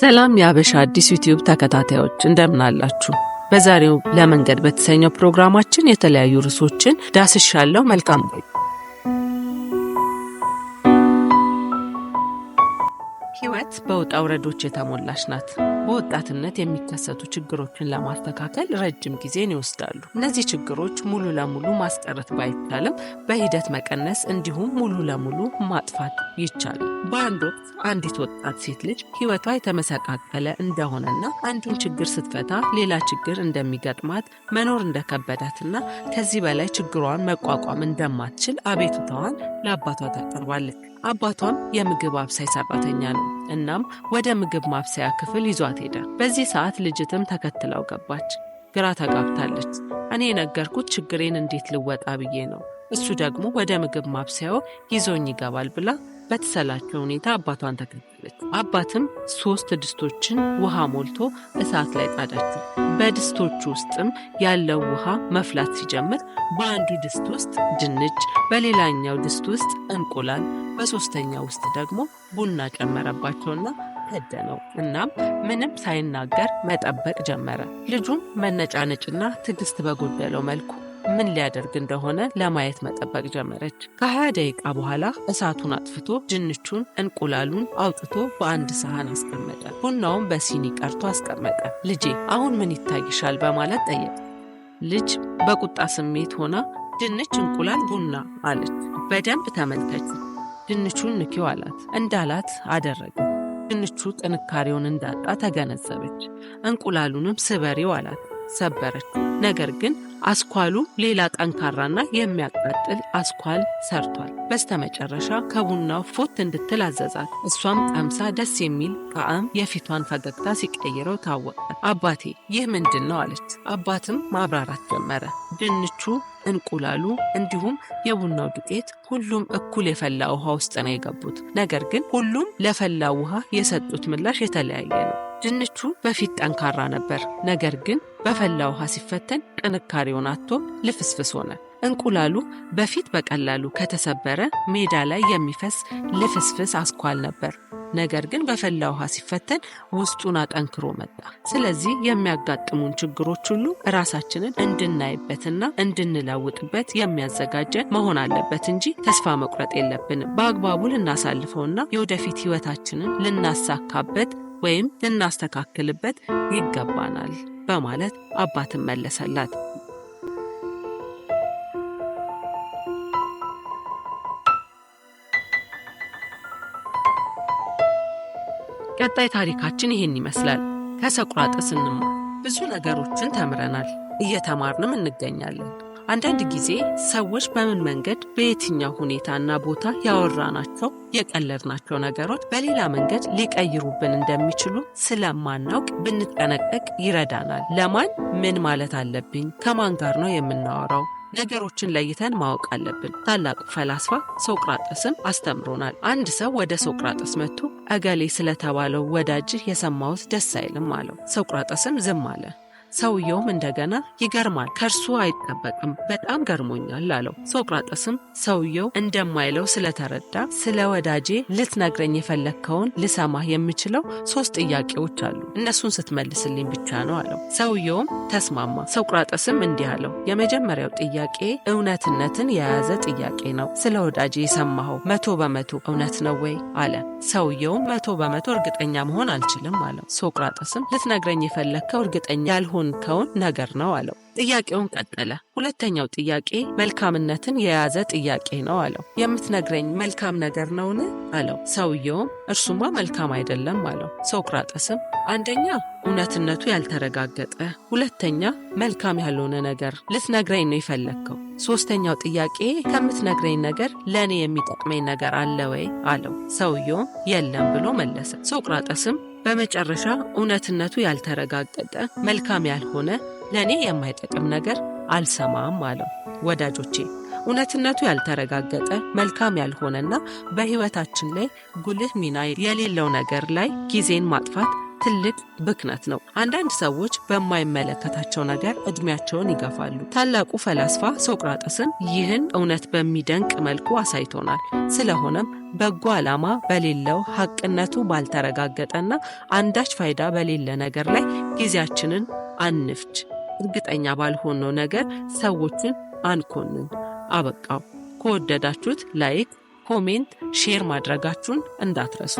ሰላም የአበሻ አዲስ ዩቲዩብ ተከታታዮች እንደምን አላችሁ? በዛሬው ለመንገድ በተሰኘው ፕሮግራማችን የተለያዩ ርዕሶችን ዳስሻለው። መልካም ህይወት በውጣ ውረዶች የተሞላች ናት። በወጣትነት የሚከሰቱ ችግሮችን ለማስተካከል ረጅም ጊዜን ይወስዳሉ። እነዚህ ችግሮች ሙሉ ለሙሉ ማስቀረት ባይቻልም በሂደት መቀነስ እንዲሁም ሙሉ ለሙሉ ማጥፋት ይቻላል። በአንድ ወቅት አንዲት ወጣት ሴት ልጅ ህይወቷ የተመሰቃቀለ እንደሆነና አንዱን ችግር ስትፈታ ሌላ ችግር እንደሚገጥማት መኖር እንደከበዳትና ከዚህ በላይ ችግሯን መቋቋም እንደማትችል አቤቱታዋን ለአባቷ ታቀርባለች። አባቷም የምግብ አብሳይ ሰራተኛ ነው። እናም ወደ ምግብ ማብሰያ ክፍል ይዟት ሄደ። በዚህ ሰዓት ልጅትም ተከትለው ገባች። ግራ ተጋብታለች። እኔ የነገርኩት ችግሬን እንዴት ልወጣ ብዬ ነው፣ እሱ ደግሞ ወደ ምግብ ማብሰያው ይዞኝ ይገባል ብላ በተሰላቸው ሁኔታ አባቷን ተከተለች። አባትም ሶስት ድስቶችን ውሃ ሞልቶ እሳት ላይ ጣዳቸው። በድስቶቹ ውስጥም ያለው ውሃ መፍላት ሲጀምር በአንዱ ድስት ውስጥ ድንች፣ በሌላኛው ድስት ውስጥ እንቁላል፣ በሶስተኛው ውስጥ ደግሞ ቡና ጨመረባቸውና ከደነው። እናም ምንም ሳይናገር መጠበቅ ጀመረ። ልጁም መነጫነጭና ትዕግስት በጎደለው መልኩ ምን ሊያደርግ እንደሆነ ለማየት መጠበቅ ጀመረች። ከ20 ደቂቃ በኋላ እሳቱን አጥፍቶ ድንቹን፣ እንቁላሉን አውጥቶ በአንድ ሰሃን አስቀመጠ። ቡናውን በሲኒ ቀርቶ አስቀመጠ። ልጄ አሁን ምን ይታይሻል? በማለት ጠየቀ። ልጅ በቁጣ ስሜት ሆና ድንች፣ እንቁላል፣ ቡና አለች። በደንብ ተመልከች፣ ድንቹን ንኪው አላት። እንዳላት አደረገ። ድንቹ ጥንካሬውን እንዳጣ ተገነዘበች። እንቁላሉንም ስበሪው አላት። ሰበረች። ነገር ግን አስኳሉ ሌላ ጠንካራና የሚያቃጥል አስኳል ሰርቷል። በስተመጨረሻ ከቡናው ፎት እንድትል አዘዛት። እሷም ቀምሳ ደስ የሚል ጣዕም የፊቷን ፈገግታ ሲቀይረው ታወቀ። አባቴ ይህ ምንድን ነው አለች። አባትም ማብራራት ጀመረ። ድንቹ፣ እንቁላሉ እንዲሁም የቡናው ዱቄት ሁሉም እኩል የፈላ ውሃ ውስጥ ነው የገቡት። ነገር ግን ሁሉም ለፈላ ውሃ የሰጡት ምላሽ የተለያየ ነው። ድንቹ በፊት ጠንካራ ነበር፣ ነገር ግን በፈላ ውሃ ሲፈተን ጥንካሬውን አጥቶ ልፍስፍስ ሆነ። እንቁላሉ በፊት በቀላሉ ከተሰበረ ሜዳ ላይ የሚፈስ ልፍስፍስ አስኳል ነበር፣ ነገር ግን በፈላ ውሃ ሲፈተን ውስጡን አጠንክሮ መጣ። ስለዚህ የሚያጋጥሙን ችግሮች ሁሉ ራሳችንን እንድናይበትና እንድንለውጥበት የሚያዘጋጀን መሆን አለበት እንጂ ተስፋ መቁረጥ የለብንም። በአግባቡ ልናሳልፈውና የወደፊት ሕይወታችንን ልናሳካበት ወይም ልናስተካክልበት ይገባናል በማለት አባትን መለሰላት። ቀጣይ ታሪካችን ይህን ይመስላል። ከሰቁራጥስ ስንማር ብዙ ነገሮችን ተምረናል፣ እየተማርንም እንገኛለን። አንዳንድ ጊዜ ሰዎች በምን መንገድ በየትኛው ሁኔታና ቦታ ያወራናቸው የቀለድናቸው ነገሮች በሌላ መንገድ ሊቀይሩብን እንደሚችሉ ስለማናውቅ ብንጠነቀቅ ይረዳናል። ለማን ምን ማለት አለብኝ? ከማን ጋር ነው የምናወራው? ነገሮችን ለይተን ማወቅ አለብን። ታላቁ ፈላስፋ ሶቅራጠስም አስተምሮናል። አንድ ሰው ወደ ሶቅራጠስ መጥቶ እገሌ ስለተባለው ወዳጅህ የሰማሁት ደስ አይልም አለው። ሶቅራጠስም ዝም አለ። ሰውየውም እንደገና ይገርማል፣ ከእርሱ አይጠበቅም፣ በጣም ገርሞኛል አለው። ሶቅራጠስም ሰውየው እንደማይለው ስለተረዳ ስለ ወዳጄ ልትነግረኝ የፈለግከውን ልሰማህ የምችለው ሶስት ጥያቄዎች አሉ፣ እነሱን ስትመልስልኝ ብቻ ነው አለው። ሰውየውም ተስማማ። ሶቅራጠስም እንዲህ አለው፣ የመጀመሪያው ጥያቄ እውነትነትን የያዘ ጥያቄ ነው። ስለ ወዳጄ የሰማኸው መቶ በመቶ እውነት ነው ወይ አለ። ሰውየውም መቶ በመቶ እርግጠኛ መሆን አልችልም አለው። ሶቅራጠስም ልትነግረኝ የፈለግከው እርግጠኛ ያልሆ የሆንከውን ነገር ነው አለው። ጥያቄውን ቀጠለ። ሁለተኛው ጥያቄ መልካምነትን የያዘ ጥያቄ ነው አለው። የምትነግረኝ መልካም ነገር ነውን? አለው። ሰውየውም እርሱማ መልካም አይደለም አለው። ሶቅራጠስም አንደኛ እውነትነቱ ያልተረጋገጠ፣ ሁለተኛ መልካም ያልሆነ ነገር ልትነግረኝ ነው የፈለግከው። ሶስተኛው ጥያቄ ከምትነግረኝ ነገር ለእኔ የሚጠቅመኝ ነገር አለ ወይ? አለው። ሰውየውም የለም ብሎ መለሰ። ሶቅራጠስም በመጨረሻ እውነትነቱ ያልተረጋገጠ መልካም ያልሆነ ለእኔ የማይጠቅም ነገር አልሰማም አለው። ወዳጆቼ እውነትነቱ ያልተረጋገጠ መልካም ያልሆነና በሕይወታችን ላይ ጉልህ ሚና የሌለው ነገር ላይ ጊዜን ማጥፋት ትልቅ ብክነት ነው። አንዳንድ ሰዎች በማይመለከታቸው ነገር እድሜያቸውን ይገፋሉ። ታላቁ ፈላስፋ ሶቅራጠስም ይህን እውነት በሚደንቅ መልኩ አሳይቶናል። ስለሆነም በጎ ዓላማ በሌለው ሀቅነቱ ባልተረጋገጠና አንዳች ፋይዳ በሌለ ነገር ላይ ጊዜያችንን አንፍች እርግጠኛ ባልሆነው ነገር ሰዎችን አንኮንን። አበቃው። ከወደዳችሁት ላይክ፣ ኮሜንት፣ ሼር ማድረጋችሁን እንዳትረሱ።